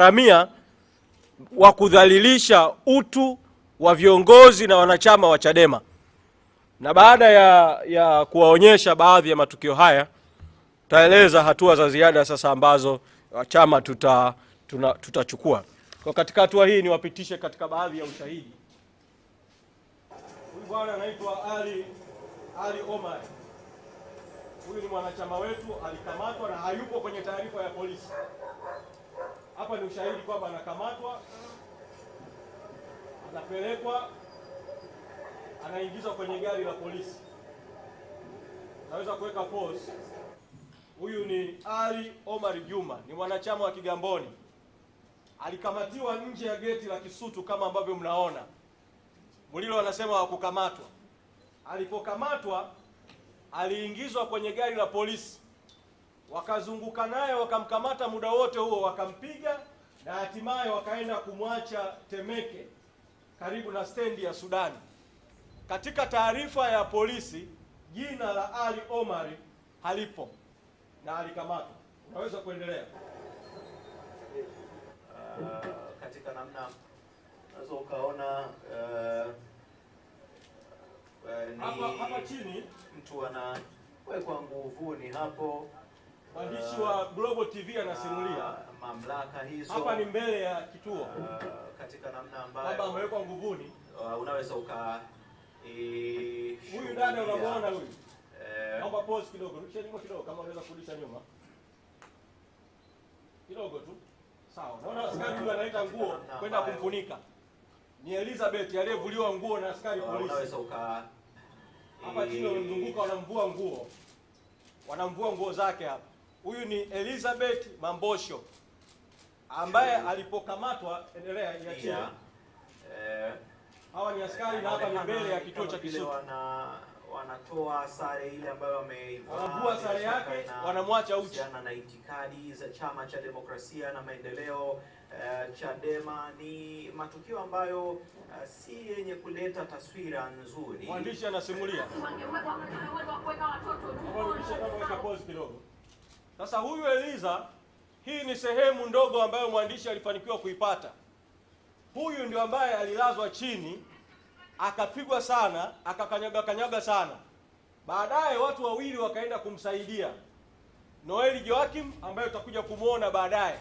ramia wa kudhalilisha utu wa viongozi na wanachama wa Chadema. Na baada ya, ya kuwaonyesha baadhi ya matukio haya, tutaeleza hatua za ziada sasa ambazo chama tuta tuna, tutachukua. Kwa katika hatua hii niwapitishe katika baadhi ya ushahidi. Huyu bwana anaitwa Ali, Ali Omar. Huyu ni mwanachama wetu, alikamatwa na hayupo kwenye taarifa ya polisi. Hapa ni ushahidi kwamba anakamatwa, anapelekwa, anaingizwa kwenye gari la polisi. Naweza kuweka pause. Huyu ni Ali Omar Juma, ni mwanachama wa Kigamboni, alikamatiwa nje ya geti la Kisutu kama ambavyo mnaona. Mulilo anasema hakukamatwa. Alipokamatwa aliingizwa kwenye gari la polisi wakazunguka naye wakamkamata muda wote huo wakampiga, na hatimaye wakaenda kumwacha Temeke karibu na stendi ya Sudani. Katika taarifa ya polisi jina la Ali Omari halipo na alikamatwa. Unaweza kuendelea. Uh, katika namna unaweza ukaona uh, uh, ni hapa, hapa chini mtu anawekwa nguvuni hapo Mwandishi wa Global TV anasimulia ah, mamlaka hizo hapa ni mbele ya kituo ah, katika namna ambayo baba amewekwa nguvuni. Ah, unaweza uka eh, huyu dada unamwona huyu, eh, naomba pause kidogo, rudisha nyuma kidogo, kama unaweza kurudisha nyuma kidogo tu, sawa. Naona askari huyu anaita nguo kwenda kumfunika, ni Elizabeth aliyevuliwa nguo na askari polisi. unaweza uka hapa chini eh, wanamzunguka, wanamvua nguo, wanamvua nguo zake hapa Huyu ni Elizabeth Mambosho ambaye alipokamatwa, endelea yeah. eh, hawa ni askari na hapa ni mbele ya kituo cha Kisutu, wana wanatoa sare ile ambayo wameivua, wanavua sare yake, wanamwacha uchi na itikadi za Chama cha Demokrasia na Maendeleo Uh, Chadema ni matukio ambayo uh, si yenye kuleta taswira nzuri. Mwandishi anasimulia sasa huyu Eliza, hii ni sehemu ndogo ambayo mwandishi alifanikiwa kuipata. Huyu ndio ambaye alilazwa chini akapigwa sana, akakanyaga kanyaga sana. Baadaye watu wawili wakaenda kumsaidia, Noeli Joakim ambaye utakuja kumwona baadaye,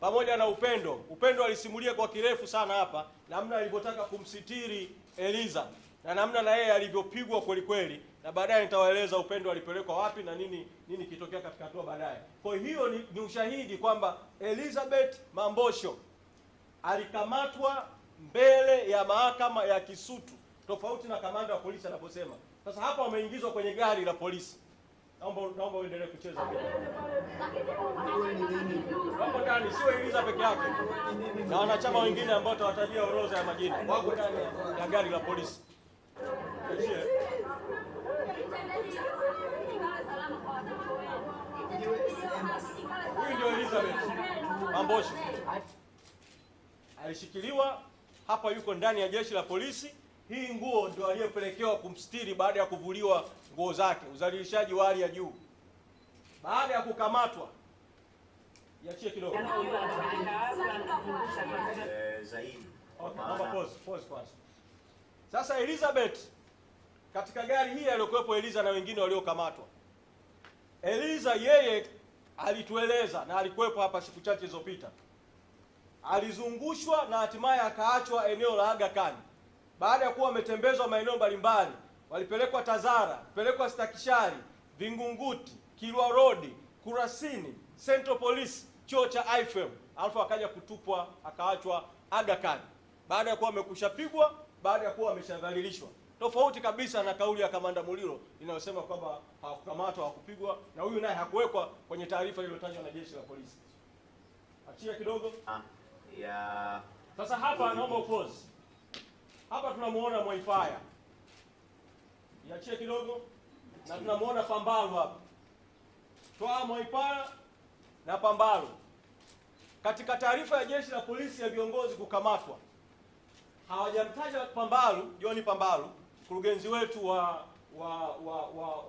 pamoja na Upendo. Upendo alisimulia kwa kirefu sana hapa namna alivyotaka kumsitiri Eliza na namna na yeye alivyopigwa kweli kweli na baadaye nitawaeleza Upendo alipelekwa wapi na nini nini kitokea katika hatua baadaye. Kwa hiyo ni, ni ushahidi kwamba Elizabeth Mambosho alikamatwa mbele ya mahakama ya Kisutu tofauti na kamanda wa polisi anaposema. Sasa hapa wameingizwa kwenye gari la polisi. Naomba naomba uendelee kucheza. Wako ndani, sio Eliza peke yake na wanachama wengine ambao tawatajia orodha ya majina, wako ndani ya gari la polisi. Huyu ndio Elizabeth alishikiliwa hapa, yuko ndani ya jeshi la polisi. Hii nguo ndio aliyopelekewa kumstiri baada ya kuvuliwa nguo zake, uzalilishaji wa hali ya juu baada ya kukamatwa. yachie kidogo Sasa Elizabeth katika gari hili aliyokuwepo Eliza na wengine waliokamatwa. Eliza yeye alitueleza na alikuwepo hapa siku chache zilizopita, alizungushwa na hatimaye akaachwa eneo la Aga Khan baada ya kuwa wametembezwa maeneo mbalimbali, walipelekwa Tazara, pelekwa Stakishari, Vingunguti, Kilwa Road, Kurasini, Central Police, chuo cha IFM, alafu akaja kutupwa akaachwa Aga Khan baada ya kuwa amekushapigwa, baada ya kuwa ameshadhalilishwa tofauti kabisa na kauli ya kamanda Muliro inayosema kwamba hawakukamatwa, hawakupigwa na huyu naye hakuwekwa kwenye taarifa iliyotajwa na jeshi la polisi. Achia kidogo ah, ya... Sasa hapa naomba upause hapa, tunamuona Mwaifaya, iachie kidogo, na tunamuona Pambalu hapa, twaa Mwaifaya na Pambalu. Katika taarifa ya jeshi la polisi ya viongozi kukamatwa hawajamtaja Pambalu, John Pambalu mkurugenzi wetu wa wa wa, wa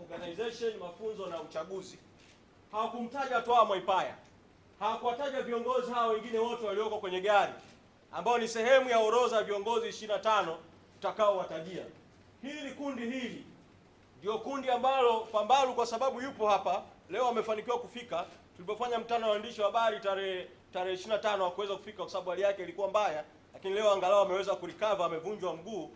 organization mafunzo na uchaguzi hawakumtaja Twaa Mwaipaya, hawakuwataja viongozi hao wengine wote walioko kwenye gari ambao ni sehemu ya orodha ya viongozi 25 tutakaowatajia. Hili kundi hili ndio kundi ambalo Pambalu kwa sababu yupo hapa leo amefanikiwa kufika. Tulipofanya mkutano wa waandishi wa habari tarehe tarehe 25 hakuweza kufika kwa sababu hali yake ilikuwa mbaya, lakini leo angalau ameweza kurecover, amevunjwa mguu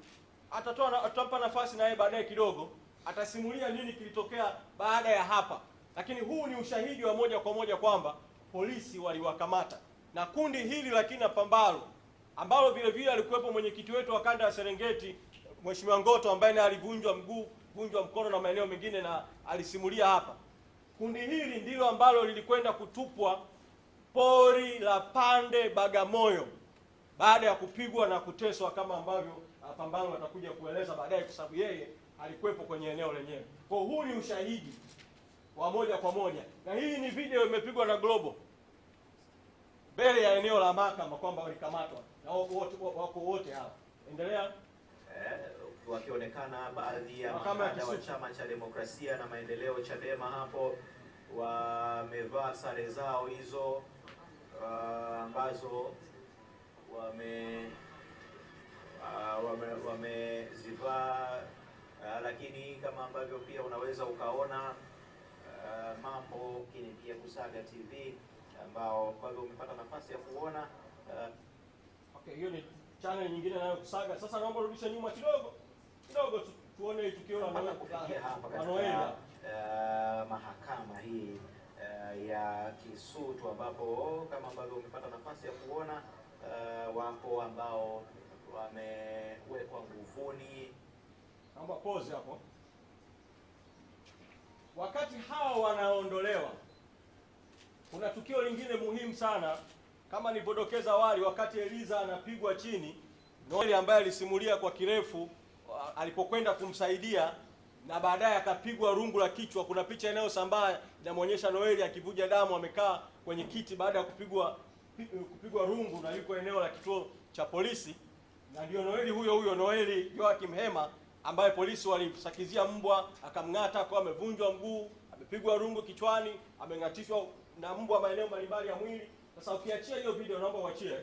atatoa atampa nafasi naye baadaye kidogo atasimulia nini kilitokea baada ya hapa, lakini huu ni ushahidi wa moja kwa moja kwamba polisi waliwakamata na kundi hili la kina Pambalo ambalo vile vile alikuwepo mwenyekiti wetu wa kanda ya Serengeti Mheshimiwa Ngoto ambaye naye alivunjwa mguu vunjwa mkono na maeneo mengine na alisimulia hapa. Kundi hili ndilo ambalo lilikwenda kutupwa pori la Pande Bagamoyo baada ya kupigwa na kuteswa kama ambavyo pambano atakuja kueleza baadaye, kwa sababu yeye alikuwepo kwenye eneo lenyewe. Kwa huu ni ushahidi wa moja kwa moja, na hii ni video imepigwa na Global mbele ya eneo la mahakama kwamba walikamatwa na wako wote hawa. Endelea. Eh, wakionekana baadhi ya makada wa Chama cha Demokrasia na Maendeleo Chadema hapo wamevaa sare zao hizo ah, ambazo uh, wame wamezivaa ah, wame uh, lakini kama ambavyo pia unaweza ukaona uh, mambo kini pia Kusaga TV ambao kwa hivyo umepata nafasi ya kuona uh, okay, hiyo ni channel nyingine nayo Kusaga. Sasa naomba rudisha nyuma kidogo kidogo tu, tuone tukio la hapa uh, mahakama hii uh, ya Kisutu ambapo kama ambavyo umepata nafasi ya kuona uh, wapo ambao wamewekwa nguvuni. Naomba pause hapo. Wakati hawa wanaondolewa, kuna tukio lingine muhimu sana kama nilivyodokeza awali. Wakati Eliza anapigwa chini, Noeli ambaye alisimulia kwa kirefu uh, alipokwenda kumsaidia na baadaye akapigwa rungu la kichwa. Kuna picha inayosambaa inamwonyesha Noeli akivuja damu, amekaa kwenye kiti baada ya kupigwa kupigwa rungu, na yuko eneo la kituo cha polisi na ndio Noeli huyo huyo Noeli Joakim Hema ambaye polisi walimsakizia mbwa akamng'ata kwa amevunjwa mguu, amepigwa rungu kichwani, ameng'atishwa na mbwa maeneo mbalimbali ya mwili. Sasa ukiachia hiyo video, naomba uachie,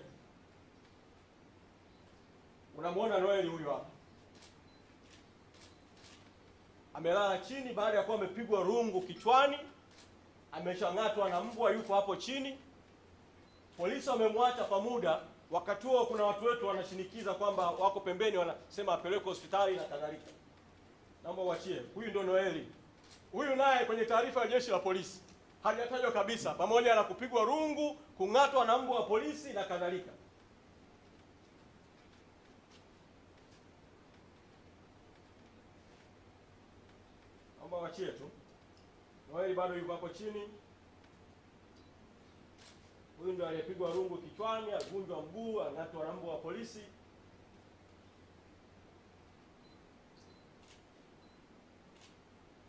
unamwona Noeli huyo hapa amelala chini baada ya kuwa amepigwa rungu kichwani, ameshang'atwa na mbwa, yuko hapo chini. Polisi wamemwacha kwa muda Wakati huo kuna watu wetu wanashinikiza kwamba wako pembeni, wanasema apelekwe hospitali na kadhalika. Naomba uachie huyu, ndio Noeli. Huyu naye kwenye taarifa ya jeshi la polisi hajatajwa kabisa, pamoja na kupigwa rungu, kung'atwa na mbwa wa polisi na kadhalika. Naomba uachie tu, Noeli bado yuko hapo chini. Huyu ndo aliyepigwa rungu kichwani, avunjwa mguu, ang'atwa rambo wa polisi.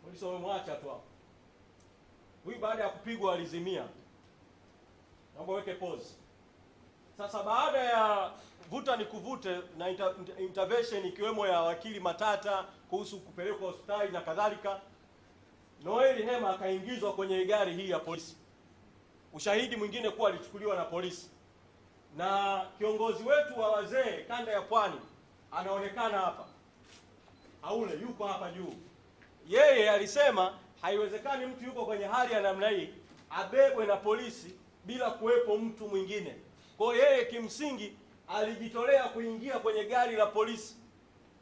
Polisi wamemwacha tu hapo. Huyu baada ya kupigwa alizimia, naomba weke pause. Sasa baada ya vuta ni kuvute na inter intervention ikiwemo ya wakili Matata kuhusu kupelekwa hospitali na kadhalika, Noeli Hema akaingizwa kwenye gari hii ya polisi ushahidi mwingine kuwa alichukuliwa na polisi, na kiongozi wetu wa wazee kanda ya Pwani anaonekana hapa, Haule yuko hapa juu. Yeye alisema haiwezekani mtu yuko kwenye hali ya namna hii abebwe na polisi bila kuwepo mtu mwingine. Kwa yeye kimsingi alijitolea kuingia kwenye gari la polisi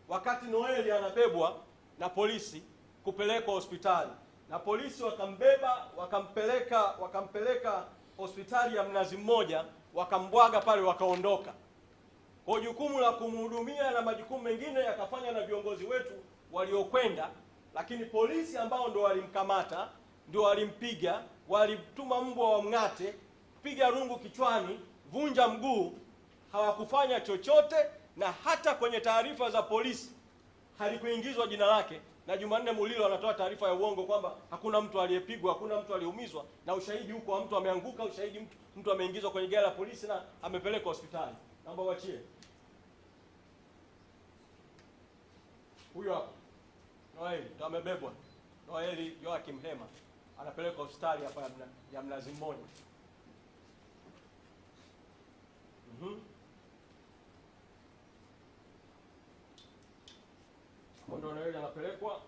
wakati Noeli anabebwa na polisi kupelekwa hospitali na polisi wakambeba wakampeleka wakampeleka hospitali ya Mnazi Mmoja, wakambwaga pale, wakaondoka. Kwa jukumu la kumhudumia na majukumu mengine yakafanya na viongozi wetu waliokwenda, lakini polisi ambao ndo walimkamata, ndio walimpiga, walimtuma mbwa wa mng'ate, piga rungu kichwani, vunja mguu, hawakufanya chochote, na hata kwenye taarifa za polisi halikuingizwa jina lake na Jumanne Mulilo anatoa taarifa ya uongo kwamba hakuna mtu aliyepigwa, hakuna mtu aliyeumizwa, na ushahidi huko, mtu ameanguka, ushahidi mtu, mtu ameingizwa kwenye gari la polisi na amepelekwa hospitali. Naomba uachie huyo hapo Noeli, ndo amebebwa Noeli Joakim Hema, anapelekwa hospitali hapa ya Mnazi Mmoja. mm -hmm. Kondoo Noeli anapelekwa,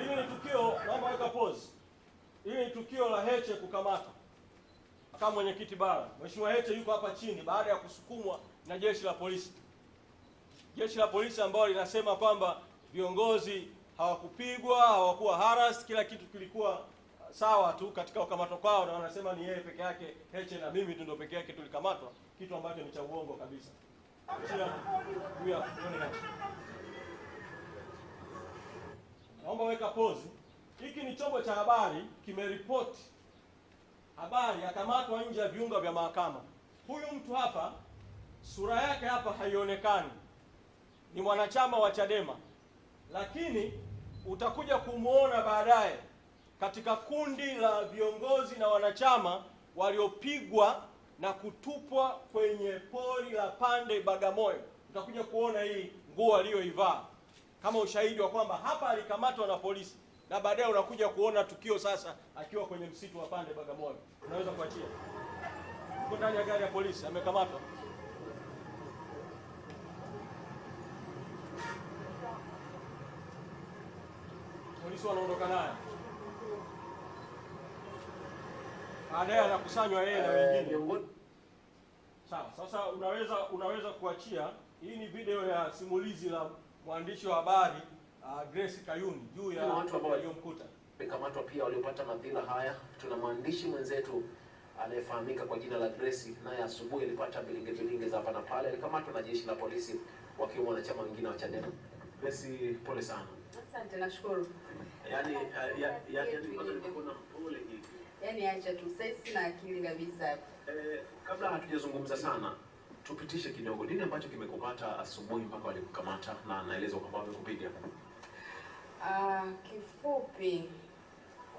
Hili ni tukio, naomba weka pause. Hili ni tukio la Heche kukamatwa. Kama mwenyekiti bara, Mheshimiwa Heche yuko hapa chini baada ya kusukumwa na jeshi la polisi, jeshi la polisi ambalo linasema kwamba viongozi hawakupigwa, hawakuwa haras, kila kitu kilikuwa sawa tu katika ukamato kwao, na wanasema ni yeye peke yake, Heche na mimi ndio peke yake tulikamatwa, kitu ambacho ni cha uongo kabisa. Naomba weka pozi. Hiki ni chombo cha habari kimeripoti habari akamatwa nje ya viunga vya mahakama. Huyu mtu hapa, sura yake hapa haionekani, ni mwanachama wa Chadema, lakini utakuja kumwona baadaye katika kundi la viongozi na wanachama waliopigwa na kutupwa kwenye pori la Pande Bagamoyo. Utakuja kuona hii nguo aliyoivaa kama ushahidi wa kwamba hapa alikamatwa na polisi, na baadaye unakuja kuona tukio sasa akiwa kwenye msitu wa Pande Bagamoyo. Unaweza kuachia uko ndani ya gari ya polisi, amekamatwa. Polisi wanaondoka naye. baadaye anakusanywa yeye na wengine. Sawa, sasa unaweza unaweza kuachia. Hii ni video ya simulizi la mwandishi wa habari uh, Grace Kayuni juu ya watu ambao waliomkuta kamatwa, pia waliopata madhila haya. Tuna mwandishi mwenzetu anayefahamika kwa jina la Grace, naye asubuhi alipata bilingejilinge za hapa na pale, alikamatwa na jeshi la polisi wakiwa wanachama wengine wa Chadema. Grace, pole sana. Asante, nashukuru. Yaani, ya, ya, yaani, yaani, pole hivi Yaani acha tu sisi na akili kabisa. Eh, kabla hatujazungumza sana tupitishe kidogo nini ambacho kimekupata asubuhi mpaka walikukamata na naelezwa kwamba wamekupiga. Ah, kifupi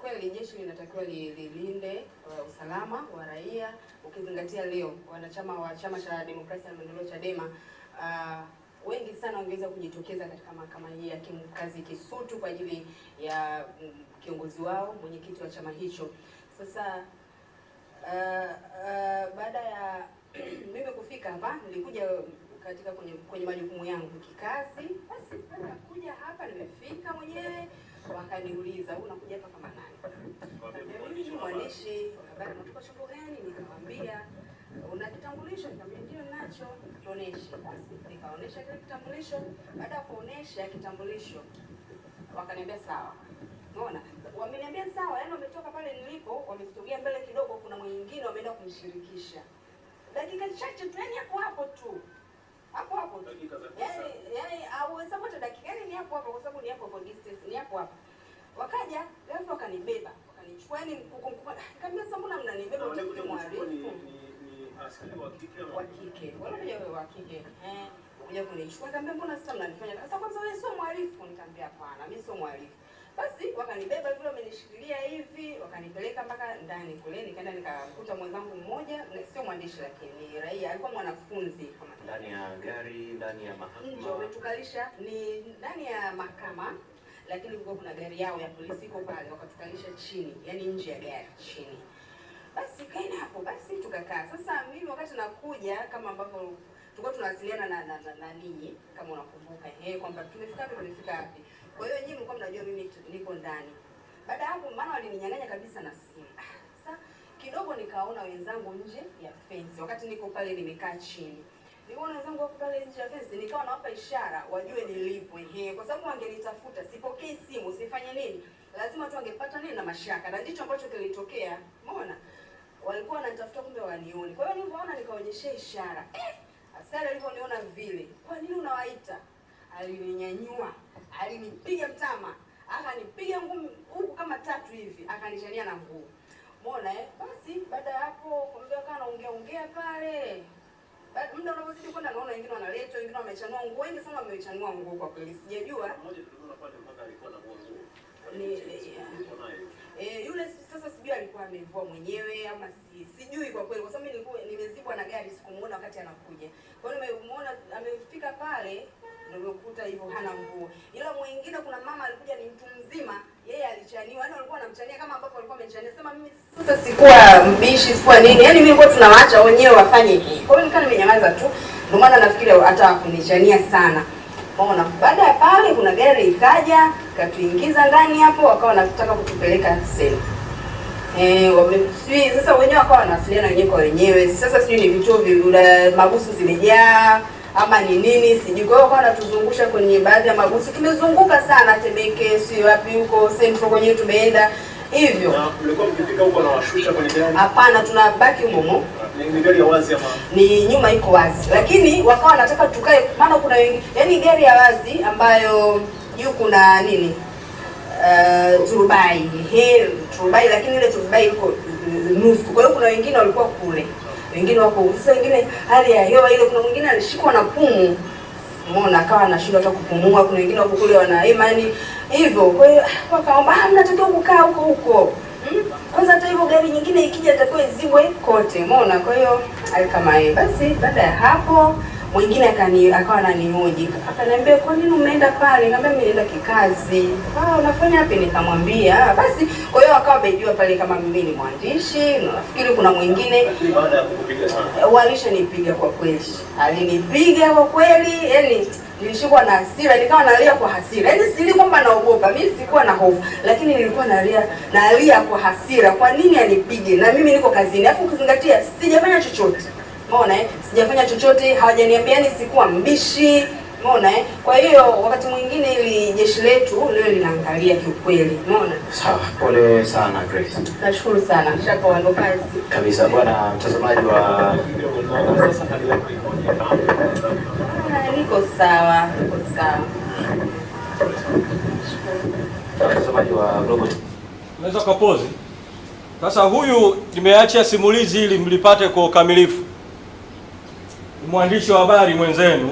kweli jeshi linatakiwa lilinde uh, usalama wa raia, ukizingatia leo wanachama wa chama cha demokrasia na maendeleo Chadema uh, wengi sana wangeweza kujitokeza katika mahakama hii ya kimkazi Kisutu kwa ajili ya mm, kiongozi wao mwenyekiti wa chama hicho. Sasa uh, uh, baada ya mimi kufika hapa nilikuja katika kwenye, kwenye majukumu yangu kikazi. Basi nakuja hapa nimefika mwenyewe, wakaniuliza unakuja hapa kama nani? Mimi mwandishi habari, natoka chombo gani? Nikamwambia una kitambulisho? Nikamwambia ndio nacho, tuoneshe. Basi nikaonesha kile kitambulisho. Baada ya kuonesha kitambulisho, wakaniambia sawa, umeona wameniambia sawa, yani wametoka pale nilipo, wamesogea mbele kidogo, kuna mwingine wameenda kumshirikisha dakika chache tu, yani hapo hapo tu hapo hapo tu, yaani yani au hauhesabu hata dakika, yani ni hapo hapo, kwa sababu ni hapo hapo distance, ni hapo hapo. Wakaja ghafla wakanibeba, wakanichukua, yani mkubwa, ah, nikamwambia sasa, mbona mnanibeba? Yaani Utakuja mwarifu askari wa kike wa kike, wala wa kike eh, kuja kunichukua. Nikamwambia mbona sasa mnanifanya? Sasa kwanza wewe sio mwalifu, Nikamwambia hapana, mimi sio mwalifu. Basi wakanibeba vile, wamenishikilia hivi, wakanipeleka mpaka ndani kule. Nikaenda nikakuta mwenzangu mmoja, sio mwandishi, lakini raia, alikuwa mwanafunzi kama ndani ya gari, ndani ya mahakama, ndio wametukalisha, ni ndani ya mahakama lakini kulikuwa kuna gari yao ya polisi iko pale, wakatukalisha chini, yani nje ya gari chini. Basi kaina hapo, basi tukakaa. Sasa mimi wakati nakuja, kama ambavyo tulikuwa tunawasiliana na, na, na, na ninyi kama unakumbuka, eh kwamba tumefika wapi, tumefika wapi kwa hiyo nyinyi mko mnajua mimi niko ndani. Baada hapo, maana walininyang'anya kabisa na simu. Ah, sasa kidogo nikaona wenzangu nje ya fence, wakati niko pale nimekaa chini niona wenzangu wako pale nje ya fence, nikawa nawapa ishara wajue nilipo, ehe, kwa sababu wangenitafuta, sipokei simu, sifanye nini, lazima tu wangepata nini na mashaka, na ndicho ambacho kilitokea. Umeona, walikuwa wananitafuta, kumbe wanione. Kwa hiyo nilipoona nikaonyesha ishara eh, askari alivyoniona vile, kwa nini unawaita, alininyanyua alinipiga mtama, akanipiga ngumi huku kama tatu hivi, akanishania na nguo Mbona eh? Basi baada ya hapo kumbe kana ongea ongea pale. Baada muda unavyozidi kwenda naona wengine wanaletwa, wengine wamechanua nguo, wengi sana wamechanua nguo kwa kweli. Sijajua. Eh, eh, eh, yule sasa sijui alikuwa amevua mwenyewe ama si, sijui kwa kweli kwa sababu nilikuwa nimezibwa na gari sikumuona wakati anakuja. Kwa hiyo nimemuona amefika pale ndio umekuta hivyo hana nguo. Ila mwingine kuna mama alikuja ni mtu mzima, yeye alichaniwa, yaani walikuwa wanamchania kama ambavyo walikuwa wamechania. Sema mimi sasa sikuwa mbishi, sikuwa nini, yaani mimi nilikuwa tunawaacha wenyewe wafanye hivi. Kwa hiyo nikaa nimenyamaza tu, ndio maana nafikiri hata kunichania sana. Umeona, baada ya pale kuna gari ikaja katuingiza ndani hapo, wakawa wanataka kutupeleka seli Eh, sasa wenyewe wakawa wanawasiliana wenyewe kwa wenyewe. Sasa sijui ni vituo vya mabusu zimejaa ama ni nini sijui. Kwa hiyo kwa anatuzungusha kwenye baadhi ya magusi, kimezunguka sana Temeke, si wapi huko Central kwenyewe tumeenda hivyo. Hapana, tunabaki humo ni nyuma iko wazi, lakini wakawa wanataka tukae, maana kuna yani gari ya wazi ambayo juu kuna nini Uh, turubai he turubai, lakini ile turubai iko nusu. Kwa hiyo kuna wengine walikuwa kule wengine wako sasa, wengine hali ya hewa ile, kuna mwingine alishikwa na pumu, umeona, akawa anashindwa hata kupumua. Kuna wengine wako kule wana imani hivyo, kwa hiyo ah, wakaomba, ah, mnatakiwa kukaa huko huko hmm? Kwanza hata hivyo gari nyingine ikija, atakiwa iziwe kote, umeona. Kwa hiyo alikamae Basi baada ya hapo mwingine akani- akawa ananihoji akaniambia, kwa nini umeenda pale? Nikamwambia nimeenda kikazi. Ah, unafanya wapi? Nikamwambia ah, basi. Kwa hiyo akawa amejua pale kama mimi ni mwandishi, nafikiri kuna mwingine eh, walishanipiga. Kwa kweli alinipiga kwa kweli, yani nilishikwa na hasira, nikawa nalia kwa hasira. Yani sili kwamba naogopa, mimi sikuwa na hofu, lakini nilikuwa nalia nalia kwa hasira, kwa nini anipige na mimi niko kazini, afu ukizingatia sijafanya chochote. Umeona eh? Sijafanya chochote, hawajaniambia ni sikuwa mbishi. Umeona eh? Kwa hiyo wakati mwingine ili jeshi letu leo linaangalia kiukweli. Umeona? Sawa, pole sana Grace. Nashukuru sana. Shapoando kazi. Kabisa bwana mtazamaji wa Niko sawa, niko sawa. Mtazamaji wa Unaweza kupozi. Sasa huyu nimeacha simulizi ili mlipate kwa ukamilifu mwandishi wa habari mwenzenu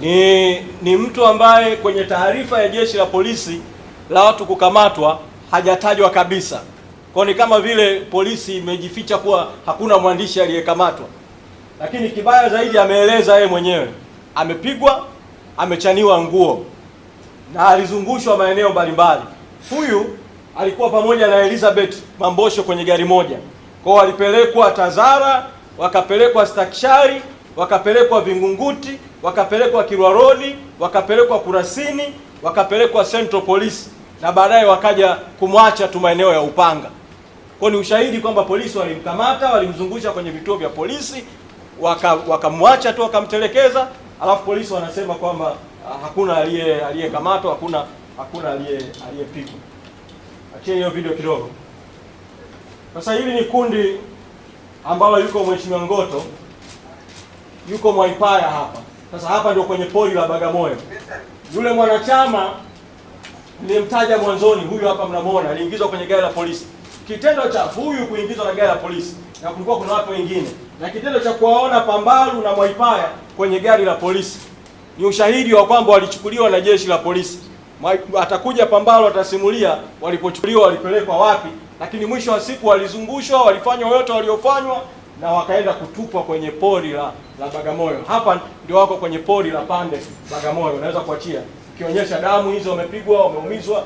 ni, ni mtu ambaye kwenye taarifa ya jeshi la polisi la watu kukamatwa hajatajwa kabisa, kwa ni kama vile polisi imejificha kuwa hakuna mwandishi aliyekamatwa. Lakini kibaya zaidi, ameeleza yeye mwenyewe amepigwa, amechaniwa nguo na alizungushwa maeneo mbalimbali. Huyu alikuwa pamoja na Elizabeth Mambosho kwenye gari moja, kwao walipelekwa Tazara wakapelekwa Stakshari, wakapelekwa Vingunguti, wakapelekwa kirwaroni Road, wakapelekwa Kurasini, wakapelekwa Central Police na baadaye wakaja kumwacha tu maeneo ya Upanga. Kwa ni ushahidi kwamba polisi walimkamata, walimzungusha kwenye vituo vya polisi, wakamwacha waka tu wakamtelekeza, alafu polisi wanasema kwamba ah, hakuna aliye aliyekamatwa, hakuna hakuna aliye aliyepigwa. Acheni hiyo video kidogo. Sasa hili ni kundi ambayo yuko Mheshimiwa Ngoto, yuko Mwaipaya hapa. Sasa hapa ndio kwenye poli la Bagamoyo. Yule mwanachama nilimtaja mwanzoni, huyu hapa mnamwona, aliingizwa kwenye gari la polisi. Kitendo cha huyu kuingizwa na gari la polisi, na kulikuwa kuna watu wengine, na kitendo cha kuwaona Pambalu na Mwaipaya kwenye gari la polisi ni ushahidi wa kwamba walichukuliwa na jeshi la polisi. Atakuja Pambalu atasimulia walipochukuliwa, walipelekwa wapi lakini mwisho wa siku walizungushwa, walifanywa yote waliofanywa, na wakaenda kutupwa kwenye pori la, la Bagamoyo. Hapa ndio wako kwenye pori la Pande Bagamoyo, unaweza kuachia ukionyesha damu hizo, wamepigwa, wameumizwa.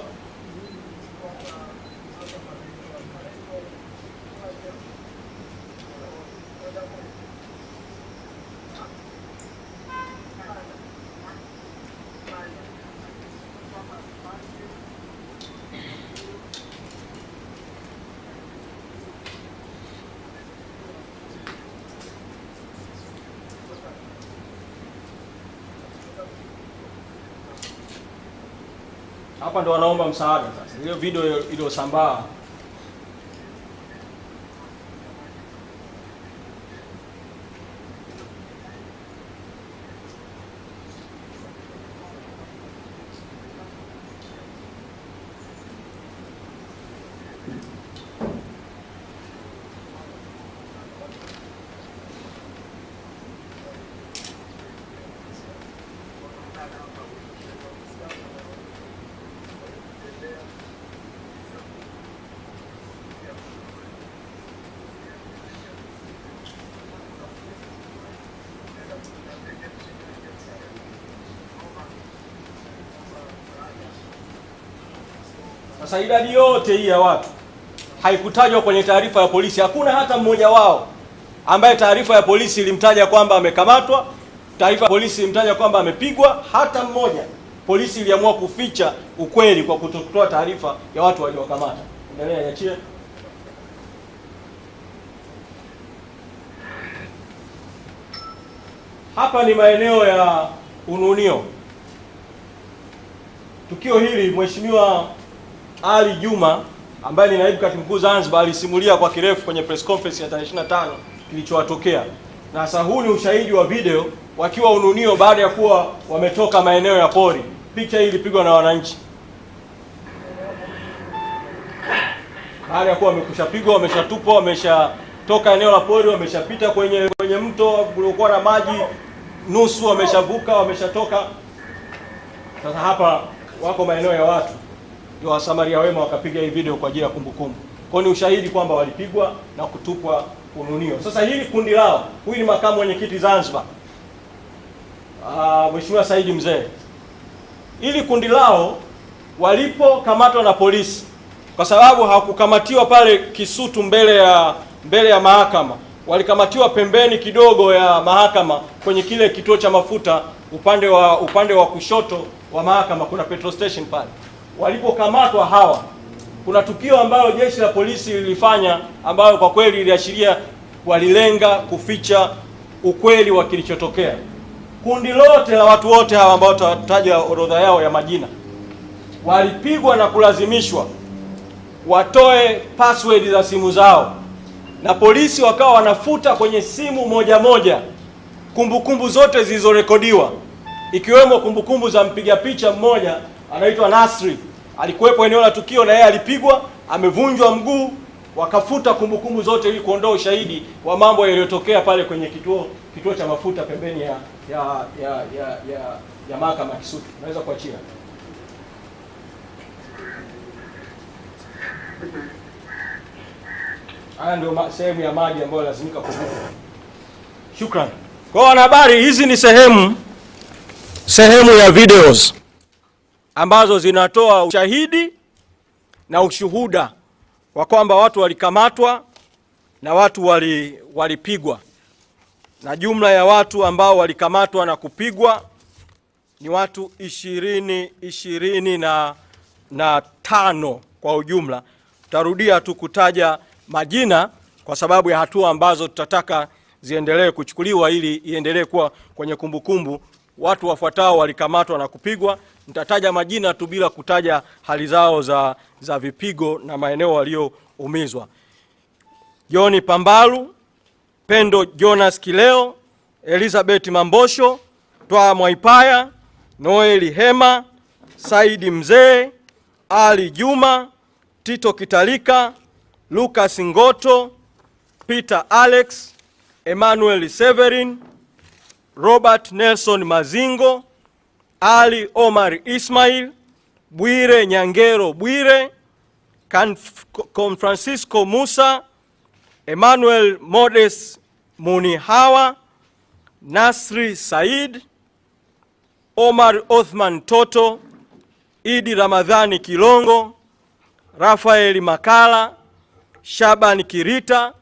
hapa ndo wanaomba msaada sasa. Hiyo video iliyosambaa Sasa idadi yote hii ya watu haikutajwa kwenye taarifa ya polisi. Hakuna hata mmoja wao ambaye taarifa ya polisi ilimtaja kwamba amekamatwa, taarifa ya polisi ilimtaja kwamba amepigwa. Hata mmoja. Polisi iliamua kuficha ukweli kwa kutotoa taarifa ya watu waliokamata. Endelea niachie. Hapa ni maeneo ya Ununio. Tukio hili mheshimiwa ali Juma ambaye ni naibu katibu mkuu Zanzibar alisimulia kwa kirefu kwenye press conference ya tarehe 25 kilichowatokea, na sasa huu ni ushahidi wa video wakiwa Ununio baada ya kuwa wametoka maeneo ya pori. Picha hii ilipigwa na wananchi baada ya kuwa wamekushapigwa, wameshatupwa, wameshatoka eneo la pori, wameshapita kwenye kwenye mto uliokuwa na maji nusu, wameshavuka, wameshatoka. Sasa hapa wako maeneo ya watu ndio Wasamaria wema wakapiga hii video kwa ajili ya kumbukumbu. Kwa ni ushahidi kwamba walipigwa na kutupwa Ununio. Sasa hili kundi lao, huyu ni makamu mwenyekiti Zanzibar, ah, Mheshimiwa Saidi Mzee. Hili kundi lao walipokamatwa na polisi, kwa sababu hawakukamatiwa pale Kisutu mbele ya mbele ya mahakama, walikamatiwa pembeni kidogo ya mahakama kwenye kile kituo cha mafuta upande wa upande wa kushoto wa mahakama, kuna petrol station pale walipokamatwa hawa, kuna tukio ambalo jeshi la polisi lilifanya ambayo kwa kweli liliashiria walilenga kuficha ukweli wa kilichotokea. Kundi lote la watu wote hawa ambao tutataja orodha yao ya majina walipigwa na kulazimishwa watoe password za simu zao, na polisi wakawa wanafuta kwenye simu moja moja kumbukumbu kumbu zote zilizorekodiwa, ikiwemo kumbukumbu za mpiga picha mmoja anaitwa Nasri alikuwepo eneo la tukio na yeye alipigwa, amevunjwa mguu, wakafuta kumbukumbu zote ili kuondoa ushahidi wa mambo yaliyotokea pale kwenye kituo kituo cha mafuta pembeni ya ya ya ya, ya, ya mahakama ya Kisutu. Unaweza kuachia haya, ndio ma sehemu ya maji ambayo lazimika kuvuka. Shukrani kwa wanahabari, hizi ni sehemu sehemu ya videos ambazo zinatoa ushahidi na ushuhuda wa kwamba watu walikamatwa na watu wali, walipigwa na jumla ya watu ambao walikamatwa na kupigwa ni watu ishirini ishirini na, na tano kwa ujumla. Tutarudia tu kutaja majina kwa sababu ya hatua ambazo tutataka ziendelee kuchukuliwa ili iendelee kuwa kwenye kumbukumbu kumbu watu wafuatao walikamatwa na kupigwa. Nitataja majina tu bila kutaja hali zao za, za vipigo na maeneo walioumizwa: Joni Pambalu, Pendo Jonas Kileo, Elizabeth Mambosho, twa Mwaipaya, Noeli Hema, Saidi Mzee, Ali Juma, Tito Kitalika, Lucas Ngoto, Peter Alex, Emmanuel Severin Robert Nelson Mazingo, Ali Omar Ismail, Bwire Nyangero Bwire, francisco Musa, Emmanuel Modes Munihawa, Nasri Said, Omar Othman Toto, Idi Ramadhani Kilongo, Rafael Makala, Shaban Kirita,